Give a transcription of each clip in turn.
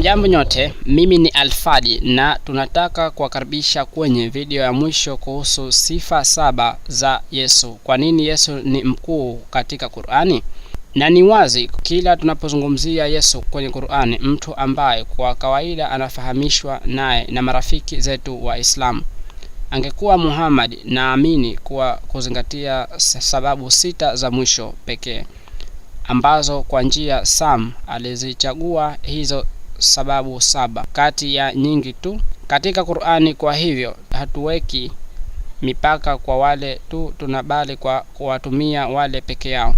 Hamjambo nyote, mimi ni Alfadi na tunataka kuwakaribisha kwenye video ya mwisho kuhusu sifa saba za Yesu. Kwa nini Yesu ni mkuu katika Qur'ani? Na ni wazi kila tunapozungumzia Yesu kwenye Qur'ani, mtu ambaye kwa kawaida anafahamishwa naye na marafiki zetu Waislamu. Angekuwa Muhammad, naamini kwa kuzingatia sababu sita za mwisho pekee ambazo kwa njia Sam alizichagua hizo sababu saba kati ya nyingi tu katika Qur'ani. Kwa hivyo hatuweki mipaka kwa wale tu, tunabali kwa kuwatumia wale peke yao.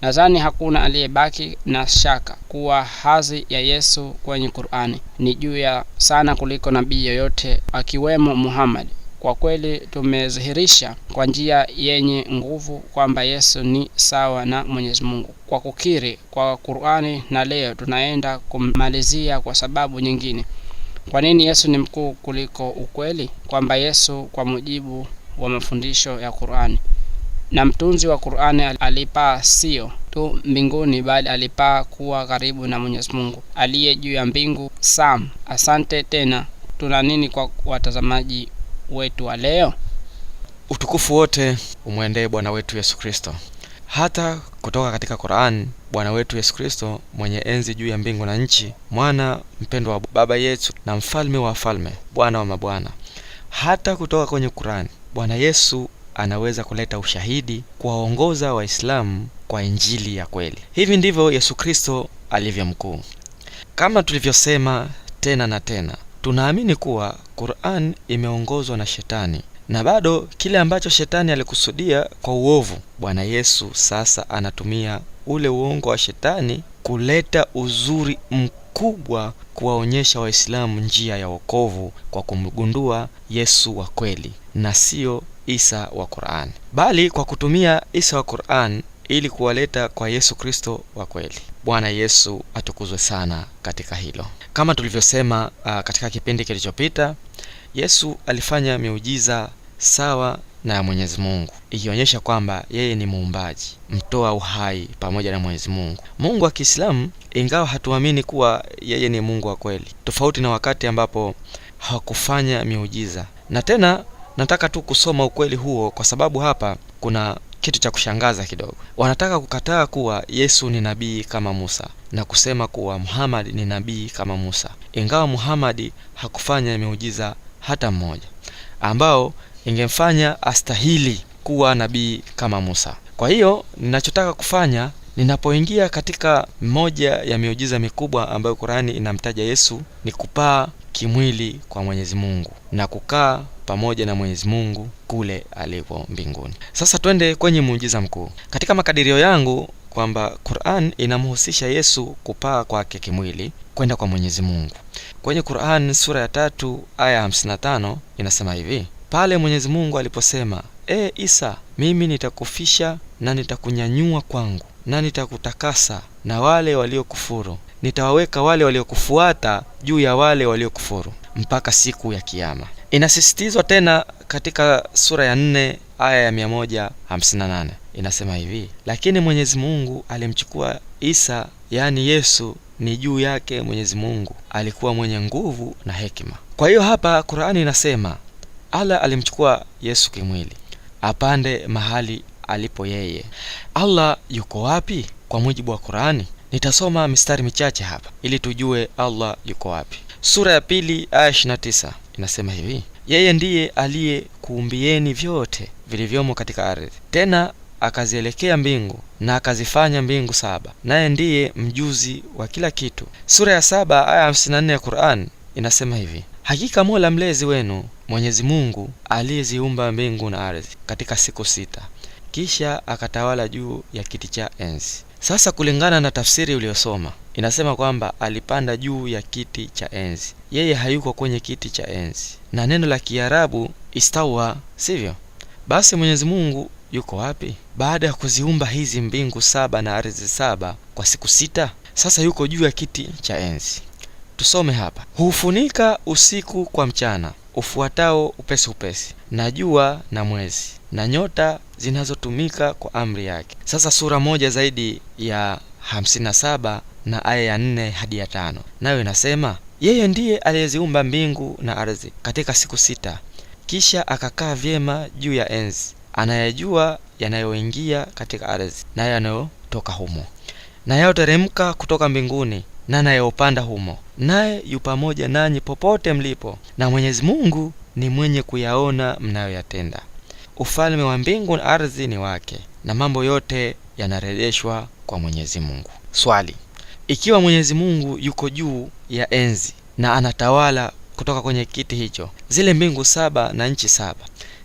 Nadhani hakuna aliyebaki na shaka kuwa hadhi ya Yesu kwenye Qur'ani ni juu ya sana kuliko nabii yoyote akiwemo Muhammad. Kwa kweli tumedhihirisha kwa njia yenye nguvu kwamba Yesu ni sawa na Mwenyezi Mungu kwa kukiri kwa Qur'ani, na leo tunaenda kumalizia kwa sababu nyingine. Kwa nini Yesu ni mkuu kuliko ukweli? Kwamba Yesu kwa mujibu wa mafundisho ya Qur'ani na mtunzi wa Qur'ani alipaa sio tu mbinguni bali alipaa kuwa karibu na Mwenyezi Mungu aliye juu ya mbingu. Sam, asante tena. Tuna nini kwa watazamaji wetu wa leo. Utukufu wote umwendee Bwana wetu Yesu Kristo. Hata kutoka katika Qur'an, Bwana wetu Yesu Kristo, mwenye enzi juu ya mbingu na nchi, mwana mpendwa wa Baba yetu na mfalme wa falme, Bwana wa mabwana. Hata kutoka kwenye Qur'an, Bwana Yesu anaweza kuleta ushahidi kuwaongoza Waislamu kwa injili ya kweli. Hivi ndivyo Yesu Kristo alivyo mkuu, kama tulivyosema tena na tena. Tunaamini kuwa Qur'an imeongozwa na shetani na bado kile ambacho shetani alikusudia kwa uovu, Bwana Yesu sasa anatumia ule uongo wa shetani kuleta uzuri mkubwa, kuwaonyesha Waislamu njia ya wokovu kwa kumgundua Yesu wa kweli na sio Isa wa Qur'an, bali kwa kutumia Isa wa Qur'an ili kuwaleta kwa Yesu Kristo wa kweli. Bwana Yesu atukuzwe sana katika hilo. Kama tulivyosema uh, katika kipindi kilichopita, Yesu alifanya miujiza sawa na ya Mwenyezi Mungu, ikionyesha kwamba yeye ni muumbaji, mtoa uhai pamoja na Mwenyezi Mungu, Mungu wa Kiislamu, ingawa hatuamini kuwa yeye ni Mungu wa kweli, tofauti na wakati ambapo hawakufanya miujiza. Na tena nataka tu kusoma ukweli huo, kwa sababu hapa kuna kitu cha kushangaza kidogo. Wanataka kukataa kuwa Yesu ni nabii kama Musa na kusema kuwa Muhammad ni nabii kama Musa, ingawa Muhammad hakufanya miujiza hata mmoja ambao ingemfanya astahili kuwa nabii kama Musa. Kwa hiyo ninachotaka kufanya ninapoingia katika moja ya miujiza mikubwa ambayo Qur'ani inamtaja Yesu ni kupaa kimwili kwa Mwenyezi Mungu na kukaa pamoja na Mwenyezi Mungu kule alipo mbinguni. Sasa twende kwenye muujiza mkuu. Katika makadirio yangu kwamba Qur'an inamhusisha Yesu kupaa kwake kimwili kwenda kwa Mwenyezi Mungu. Kwenye Qur'an sura ya tatu aya 55 inasema hivi: pale Mwenyezi Mungu aliposema, e Isa, mimi nitakufisha na nitakunyanyua kwangu na nitakutakasa na wale waliokufuru, nitawaweka wale waliokufuata juu ya wale waliokufuru mpaka siku ya Kiyama. Inasisitizwa tena katika sura ya nne aya ya mia moja hamsini na nane inasema hivi: lakini Mwenyezi Mungu alimchukua Isa, yaani Yesu, ni juu yake Mwenyezi Mungu alikuwa mwenye nguvu na hekima. Kwa hiyo hapa Qur'ani inasema Allah alimchukua Yesu kimwili apande mahali alipo yeye. Allah yuko wapi? Kwa mujibu wa Qur'ani, Nitasoma mistari michache hapa ili tujue Allah yuko wapi. Sura ya pili aya 29 inasema hivi: yeye ndiye aliyekuumbieni vyote vilivyomo katika ardhi, tena akazielekea mbingu na akazifanya mbingu saba, naye ndiye mjuzi wa kila kitu. Sura ya saba aya 54 ya Qur'an inasema hivi: hakika Mola mlezi wenu Mwenyezi Mungu aliyeziumba mbingu na ardhi katika siku sita, kisha akatawala juu ya kiti cha enzi sasa kulingana na tafsiri uliyosoma inasema kwamba alipanda juu ya kiti cha enzi, yeye hayuko kwenye kiti cha enzi, na neno la Kiarabu istawa, sivyo? Basi Mwenyezi Mungu yuko wapi baada ya kuziumba hizi mbingu saba na ardhi saba kwa siku sita? Sasa yuko juu ya kiti cha enzi. Tusome hapa: hufunika usiku kwa mchana ufuatao upesi upesi, na jua na mwezi na nyota zinazotumika kwa amri yake. Sasa sura moja zaidi ya hamsini na saba na aya ya nne hadi ya tano nayo inasema, yeye ndiye aliyeziumba mbingu na ardhi katika siku sita, kisha akakaa vyema juu ya enzi, anayejua yanayoingia katika ardhi na yanayotoka humo, na yayoteremka kutoka mbinguni na yanayopanda humo naye yu pamoja nanyi popote mlipo, na Mwenyezi Mungu ni mwenye kuyaona mnayoyatenda. Ufalme wa mbingu na ardhi ni wake, na mambo yote yanarejeshwa kwa Mwenyezi Mungu. Swali: ikiwa Mwenyezi Mungu yuko juu ya enzi na anatawala kutoka kwenye kiti hicho, zile mbingu saba na nchi saba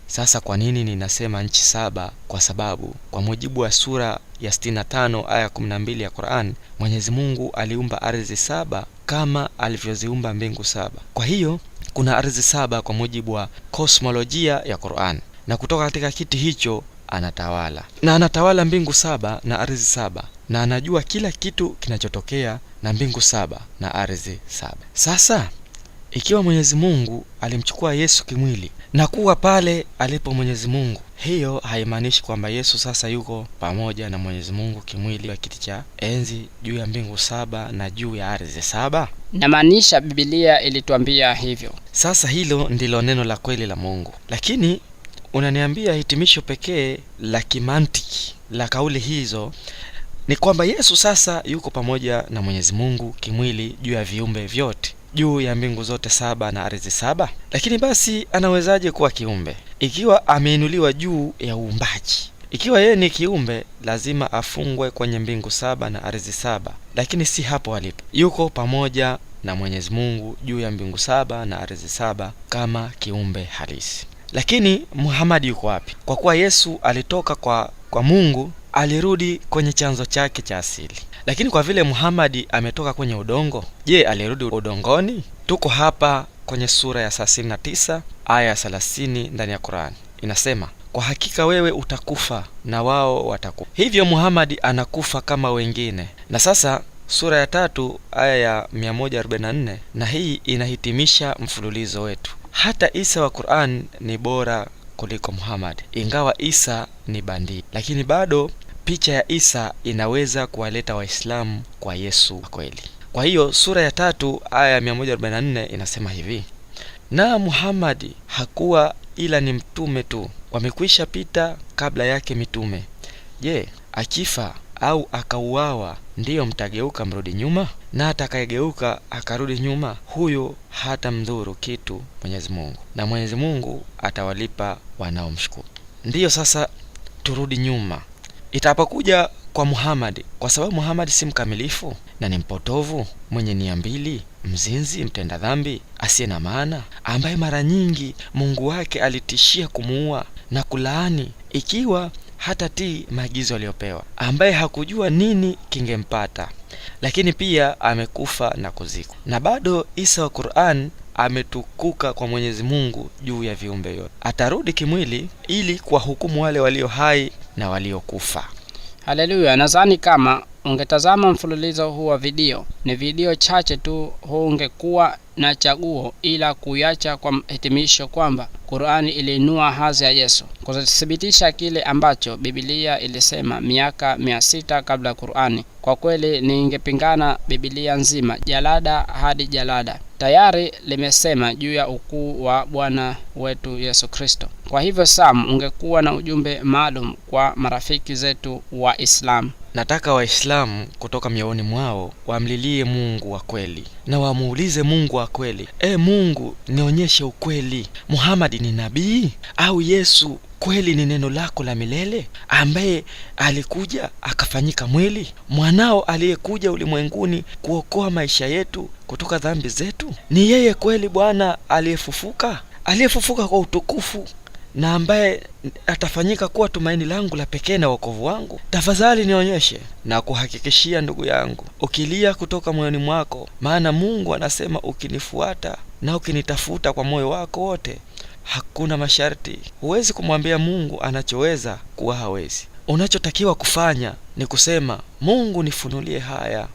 sasa kwa nini ninasema nchi saba? Kwa sababu kwa mujibu wa sura ya 65 aya 12 ya Qur'an, Mwenyezi Mungu aliumba ardhi saba kama alivyoziumba mbingu saba. Kwa hiyo kuna ardhi saba kwa mujibu wa kosmolojia ya Qur'an, na kutoka katika kiti hicho anatawala, na anatawala mbingu saba na ardhi saba, na anajua kila kitu kinachotokea na mbingu saba na ardhi saba. Sasa ikiwa Mwenyezi Mungu alimchukua Yesu kimwili na kuwa pale alipo Mwenyezi Mungu, hiyo haimaanishi kwamba Yesu sasa yuko pamoja na Mwenyezi Mungu kimwili wa kiti cha enzi juu ya mbingu saba na juu ya ardhi saba. Namaanisha Biblia ilituambia hivyo. Sasa hilo ndilo neno la kweli la Mungu, lakini unaniambia hitimisho pekee la kimantiki la kauli hizo ni kwamba Yesu sasa yuko pamoja na Mwenyezi Mungu kimwili juu ya viumbe vyote juu ya mbingu zote saba na ardhi saba? Lakini basi anawezaje kuwa kiumbe ikiwa ameinuliwa juu ya uumbaji? Ikiwa yeye ni kiumbe, lazima afungwe kwenye mbingu saba na ardhi saba, lakini si hapo alipo. Yuko pamoja na Mwenyezi Mungu juu ya mbingu saba na ardhi saba kama kiumbe halisi. Lakini Muhamadi yuko wapi? Kwa kuwa Yesu alitoka kwa, kwa Mungu, alirudi kwenye chanzo chake cha asili. Lakini kwa vile Muhammad ametoka kwenye udongo, je, alirudi udongoni? Tuko hapa kwenye sura ya 39 aya ya 30 ndani ya Qur'ani. Inasema, kwa hakika wewe utakufa na wao watakufa. Hivyo Muhammad anakufa kama wengine. Na sasa sura ya tatu aya ya 144, na hii inahitimisha mfululizo wetu. Hata Isa wa Qur'an ni bora kuliko Muhammad, ingawa Isa ni bandii, lakini bado picha ya Isa inaweza kuwaleta Waislamu kwa Yesu kweli. Kwa hiyo sura ya tatu aya ya 144 inasema hivi: na Muhammadi hakuwa ila ni mtume tu, wamekwisha pita kabla yake mitume. Je, akifa au akauawa ndiyo mtageuka mrudi nyuma? Na atakayegeuka akarudi nyuma, huyo mdhuru kitu Mwenyezi Mungu, na Mwenyezi Mungu atawalipa wanaomshukuru. Ndiyo, sasa turudi nyuma. Itapokuja kwa Muhammad, kwa sababu Muhammad si mkamilifu na ni mpotovu, mwenye nia mbili, mzinzi, mtenda dhambi, asiye na maana, ambaye mara nyingi Mungu wake alitishia kumuua na kulaani ikiwa hata ti maagizo aliyopewa, ambaye hakujua nini kingempata, lakini pia amekufa na kuzikwa. Na bado Isa wa Qur'an ametukuka kwa Mwenyezi Mungu juu ya viumbe yote. Atarudi kimwili ili kuwahukumu wale walio hai na waliokufa. Haleluya! Nadhani kama Ungetazama mfululizo huu wa video, ni video chache tu, huu ungekuwa na chaguo ila kuiacha kwa hitimisho kwamba Qur'ani iliinua hadhi ya Yesu, kuthibitisha kile ambacho Biblia ilisema miaka mia sita kabla ya Qur'ani. Kwa kweli ningepingana, Biblia nzima jalada hadi jalada tayari limesema juu ya ukuu wa Bwana wetu Yesu Kristo. Kwa hivyo Sam, ungekuwa na ujumbe maalum kwa marafiki zetu wa Islam. Nataka Waislamu kutoka miongoni mwao wamlilie Mungu wa kweli na wamuulize Mungu wa kweli, e Mungu, nionyeshe ukweli, Muhamadi ni nabii au Yesu kweli ni neno lako la milele ambaye alikuja akafanyika mwili, mwanao aliyekuja ulimwenguni kuokoa maisha yetu kutoka dhambi zetu? Ni yeye kweli Bwana aliyefufuka, aliyefufuka kwa utukufu na ambaye atafanyika kuwa tumaini langu la pekee na wokovu wangu? Tafadhali nionyeshe. Na kuhakikishia ndugu yangu, ukilia kutoka moyoni mwako, maana Mungu anasema, ukinifuata na ukinitafuta kwa moyo wako wote, hakuna masharti. Huwezi kumwambia Mungu anachoweza kuwa hawezi. Unachotakiwa kufanya ni kusema, Mungu nifunulie haya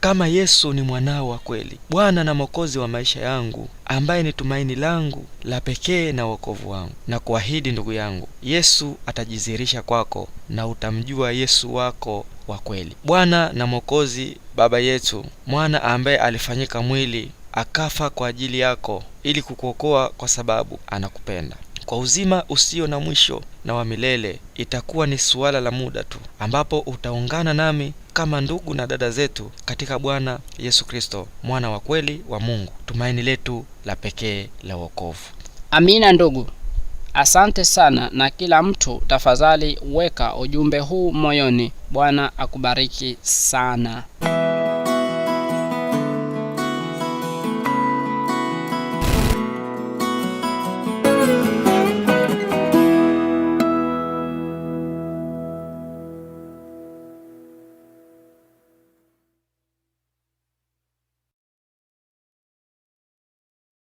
kama Yesu ni mwanao wa kweli, Bwana na Mwokozi wa maisha yangu, ambaye ni tumaini langu la pekee na wokovu wangu. Na kuahidi ndugu yangu, Yesu atajidhihirisha kwako na utamjua Yesu wako wa kweli, Bwana na Mwokozi, Baba yetu, mwana ambaye alifanyika mwili akafa kwa ajili yako ili kukuokoa, kwa sababu anakupenda kwa uzima usio na mwisho na wa milele. Itakuwa ni suala la muda tu ambapo utaungana nami kama ndugu na dada zetu katika Bwana Yesu Kristo, mwana wa kweli wa Mungu, tumaini letu la pekee la wokovu. Amina ndugu. Asante sana na kila mtu tafadhali weka ujumbe huu moyoni. Bwana akubariki sana.